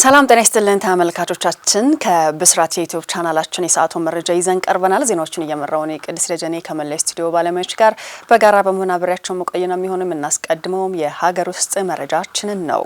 ሰላም ጤና ይስጥልን ተመልካቾቻችን፣ ከብስራት የዩቲዩብ ቻናላችን የሰዓቱን መረጃ ይዘን ቀርበናል። እየመራው ነው ቅድስት ደጀኔ ከመላ ስቱዲዮ ባለሙያዎች ጋር በጋራ በመሆን አብሬያቸው ነው የሚሆኑ የምናስቀድመውም የሀገር ውስጥ መረጃችንን ነው።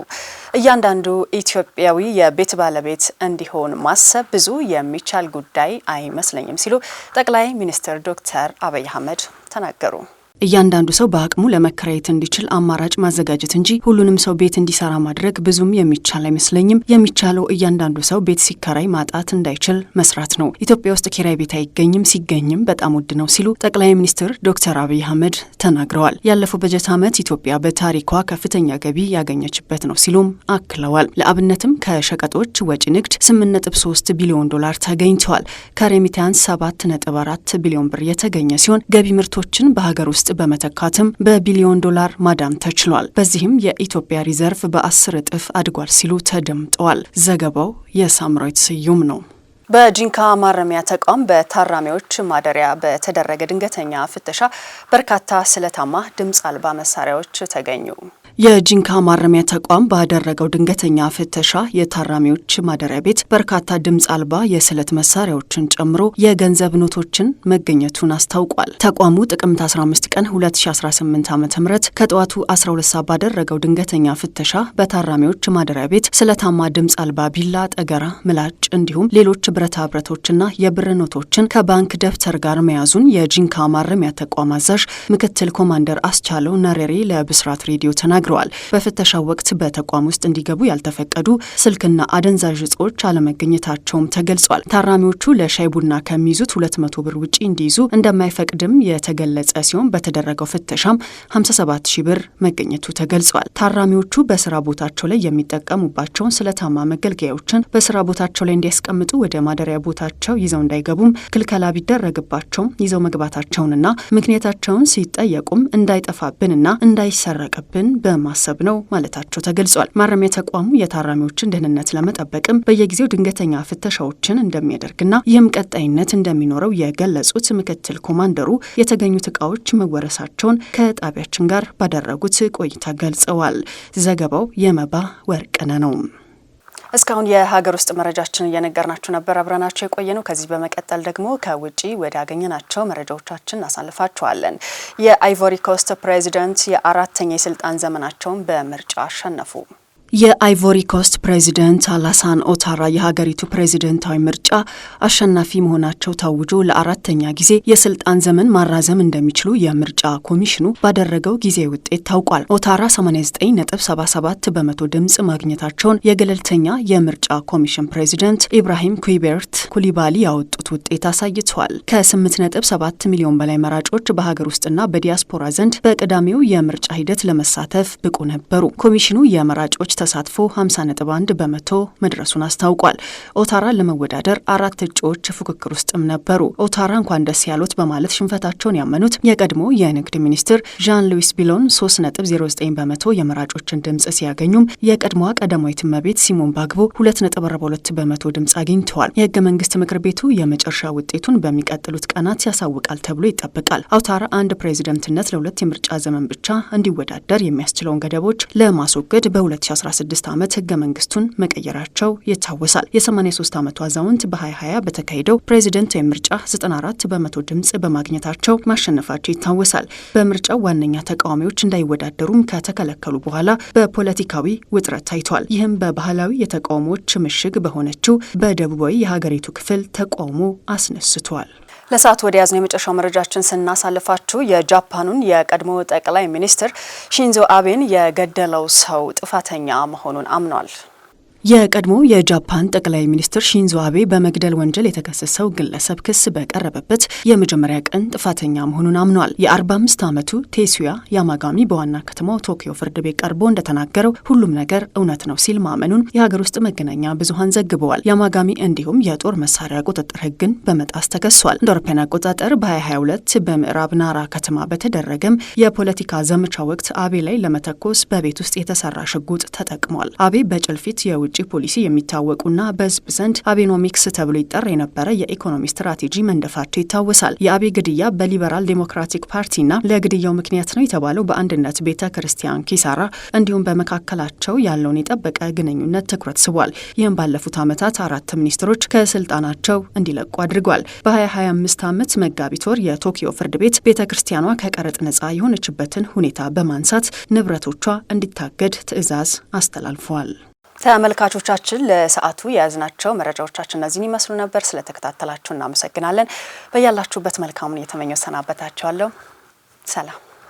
እያንዳንዱ ኢትዮጵያዊ የቤት ባለቤት እንዲሆን ማሰብ ብዙ የሚቻል ጉዳይ አይመስለኝም ሲሉ ጠቅላይ ሚኒስትር ዶክተር አብይ አህመድ ተናገሩ። እያንዳንዱ ሰው በአቅሙ ለመከራየት እንዲችል አማራጭ ማዘጋጀት እንጂ ሁሉንም ሰው ቤት እንዲሰራ ማድረግ ብዙም የሚቻል አይመስለኝም። የሚቻለው እያንዳንዱ ሰው ቤት ሲከራይ ማጣት እንዳይችል መስራት ነው። ኢትዮጵያ ውስጥ ኪራይ ቤት አይገኝም፣ ሲገኝም በጣም ውድ ነው ሲሉ ጠቅላይ ሚኒስትር ዶክተር አብይ አህመድ ተናግረዋል። ያለፈው በጀት ዓመት ኢትዮጵያ በታሪኳ ከፍተኛ ገቢ ያገኘችበት ነው ሲሉም አክለዋል። ለአብነትም ከሸቀጦች ወጪ ንግድ 8.3 ቢሊዮን ዶላር ተገኝተዋል። ከሬሚታንስ 7.4 ቢሊዮን ብር የተገኘ ሲሆን ገቢ ምርቶችን በሀገር ውስጥ ውስጥ በመተካትም በቢሊዮን ዶላር ማዳን ተችሏል። በዚህም የኢትዮጵያ ሪዘርቭ በአስር እጥፍ አድጓል ሲሉ ተደምጠዋል። ዘገባው የሳምራዊት ስዩም ነው። በጂንካ ማረሚያ ተቋም በታራሚዎች ማደሪያ በተደረገ ድንገተኛ ፍተሻ በርካታ ስለታማ ድምፅ አልባ መሳሪያዎች ተገኙ። የጂንካ ማረሚያ ተቋም ባደረገው ድንገተኛ ፍተሻ የታራሚዎች ማደሪያ ቤት በርካታ ድምፅ አልባ የስለት መሳሪያዎችን ጨምሮ የገንዘብ ኖቶችን መገኘቱን አስታውቋል። ተቋሙ ጥቅምት 15 ቀን 2018 ዓ ም ከጠዋቱ 12 ሰዓት ባደረገው ድንገተኛ ፍተሻ በታራሚዎች ማደሪያ ቤት ስለታማ ድምፅ አልባ ቢላ፣ ጠገራ፣ ምላጭ እንዲሁም ሌሎች ብረታ ብረቶችና የብር ኖቶችን ከባንክ ደብተር ጋር መያዙን የጂንካ ማረሚያ ተቋም አዛዥ ምክትል ኮማንደር አስቻለው ነሬሬ ለብስራት ሬዲዮ ተናግ ተናግረዋል። በፍተሻው ወቅት በተቋም ውስጥ እንዲገቡ ያልተፈቀዱ ስልክና አደንዛዥ እጾች አለመገኘታቸውም ተገልጿል። ታራሚዎቹ ለሻይ ቡና ከሚይዙት ሁለት መቶ ብር ውጪ እንዲይዙ እንደማይፈቅድም የተገለጸ ሲሆን በተደረገው ፍተሻም 57 ሺህ ብር መገኘቱ ተገልጿል። ታራሚዎቹ በስራ ቦታቸው ላይ የሚጠቀሙባቸውን ስለታማ መገልገያዎችን በስራ ቦታቸው ላይ እንዲያስቀምጡ ወደ ማደሪያ ቦታቸው ይዘው እንዳይገቡም ክልከላ ቢደረግባቸውም ይዘው መግባታቸውንና ምክንያታቸውን ሲጠየቁም እንዳይጠፋብንና እንዳይሰረቅብን በ በማሰብ ነው ማለታቸው ተገልጿል። ማረሚያ ተቋሙ የታራሚዎችን ደህንነት ለመጠበቅም በየጊዜው ድንገተኛ ፍተሻዎችን እንደሚያደርግና ይህም ቀጣይነት እንደሚኖረው የገለጹት ምክትል ኮማንደሩ የተገኙት እቃዎች መወረሳቸውን ከጣቢያችን ጋር ባደረጉት ቆይታ ገልጸዋል። ዘገባው የመባ ወርቅነ ነው። እስካሁን የሀገር ውስጥ መረጃችን እየነገርናችሁ ነበር፣ አብረናቸው የቆየ ነው። ከዚህ በመቀጠል ደግሞ ከውጭ ወደ አገኘናቸው መረጃዎቻችን እናሳልፋችኋለን። የአይቮሪ ኮስት ፕሬዚደንት የአራተኛ የስልጣን ዘመናቸውን በምርጫ አሸነፉ። የአይቮሪ ኮስት ፕሬዚደንት አላሳን ኦታራ የሀገሪቱ ፕሬዚደንታዊ ምርጫ አሸናፊ መሆናቸው ታውጆ ለአራተኛ ጊዜ የስልጣን ዘመን ማራዘም እንደሚችሉ የምርጫ ኮሚሽኑ ባደረገው ጊዜ ውጤት ታውቋል። ኦታራ 89.77 በመቶ ድምፅ ማግኘታቸውን የገለልተኛ የምርጫ ኮሚሽን ፕሬዚደንት ኢብራሂም ኩይቤርት ኩሊባሊ ያወጡት ውጤት አሳይቷል። ከ8.7 ሚሊዮን በላይ መራጮች በሀገር ውስጥና በዲያስፖራ ዘንድ በቅዳሜው የምርጫ ሂደት ለመሳተፍ ብቁ ነበሩ። ኮሚሽኑ የመራጮች ተሳትፎ 50.1 በመቶ መድረሱን አስታውቋል። ኦታራ ለመወዳደር አራት እጩዎች ፉክክር ውስጥም ነበሩ። ኦታራ እንኳን ደስ ያሉት በማለት ሽንፈታቸውን ያመኑት የቀድሞ የንግድ ሚኒስትር ዣን ሉዊስ ቢሎን 3.09 በመቶ የመራጮችን ድምጽ ሲያገኙም የቀድሞዋ ቀዳማዊት እመቤት ሲሞን ባግቦ 2.42 በመቶ ድምጽ አግኝተዋል። የህገ መንግስት መንግስት ምክር ቤቱ የመጨረሻ ውጤቱን በሚቀጥሉት ቀናት ያሳውቃል ተብሎ ይጠበቃል። አውታር አንድ ፕሬዚደንትነት ለሁለት የምርጫ ዘመን ብቻ እንዲወዳደር የሚያስችለውን ገደቦች ለማስወገድ በ2016 ዓመት ህገ መንግስቱን መቀየራቸው ይታወሳል። የ83 ዓመቱ አዛውንት በ2020 በተካሄደው ፕሬዚደንታዊ ምርጫ 94 በመቶ ድምጽ በማግኘታቸው ማሸነፋቸው ይታወሳል። በምርጫው ዋነኛ ተቃዋሚዎች እንዳይወዳደሩም ከተከለከሉ በኋላ በፖለቲካዊ ውጥረት ታይቷል። ይህም በባህላዊ የተቃውሞዎች ምሽግ በሆነችው በደቡባዊ የሀገሪቱ የመጽሔቱ ክፍል ተቃውሞ አስነስቷል። ለሰዓት ወደ ያዝነው የመጨረሻው መረጃችን ስናሳልፋችሁ የጃፓኑን የቀድሞ ጠቅላይ ሚኒስትር ሺንዞ አቤን የገደለው ሰው ጥፋተኛ መሆኑን አምኗል። የቀድሞ የጃፓን ጠቅላይ ሚኒስትር ሺንዞ አቤ በመግደል ወንጀል የተከሰሰው ግለሰብ ክስ በቀረበበት የመጀመሪያ ቀን ጥፋተኛ መሆኑን አምኗል። የ45 ዓመቱ ቴሱያ ያማጋሚ በዋና ከተማው ቶኪዮ ፍርድ ቤት ቀርቦ እንደተናገረው ሁሉም ነገር እውነት ነው ሲል ማመኑን የሀገር ውስጥ መገናኛ ብዙሃን ዘግበዋል። ያማጋሚ እንዲሁም የጦር መሳሪያ ቁጥጥር ሕግን በመጣስ ተከሷል። እንደ አውሮፓውያን አቆጣጠር በ2022 በምዕራብ ናራ ከተማ በተደረገም የፖለቲካ ዘመቻ ወቅት አቤ ላይ ለመተኮስ በቤት ውስጥ የተሰራ ሽጉጥ ተጠቅሟል። አቤ በጭልፊት የውጭ የውጭ ፖሊሲ የሚታወቁና በህዝብ ዘንድ አቤኖሚክስ ተብሎ ይጠራ የነበረ የኢኮኖሚ ስትራቴጂ መንደፋቸው ይታወሳል። የአቤ ግድያ በሊበራል ዴሞክራቲክ ፓርቲና ለግድያው ምክንያት ነው የተባለው በአንድነት ቤተ ክርስቲያን ኪሳራ እንዲሁም በመካከላቸው ያለውን የጠበቀ ግንኙነት ትኩረት ስቧል። ይህም ባለፉት ዓመታት አራት ሚኒስትሮች ከስልጣናቸው እንዲለቁ አድርጓል። በ2025 ዓመት መጋቢት ወር የቶኪዮ ፍርድ ቤት ቤተ ክርስቲያኗ ከቀረጥ ነጻ የሆነችበትን ሁኔታ በማንሳት ንብረቶቿ እንዲታገድ ትዕዛዝ አስተላልፏል። ተመልካቾቻችን ለሰዓቱ የያዝናቸው መረጃዎቻችን እነዚህን ይመስሉ ነበር። ስለተከታተላችሁ እናመሰግናለን። በያላችሁበት መልካሙን እየተመኘው ሰናበታችኋለሁ። ሰላም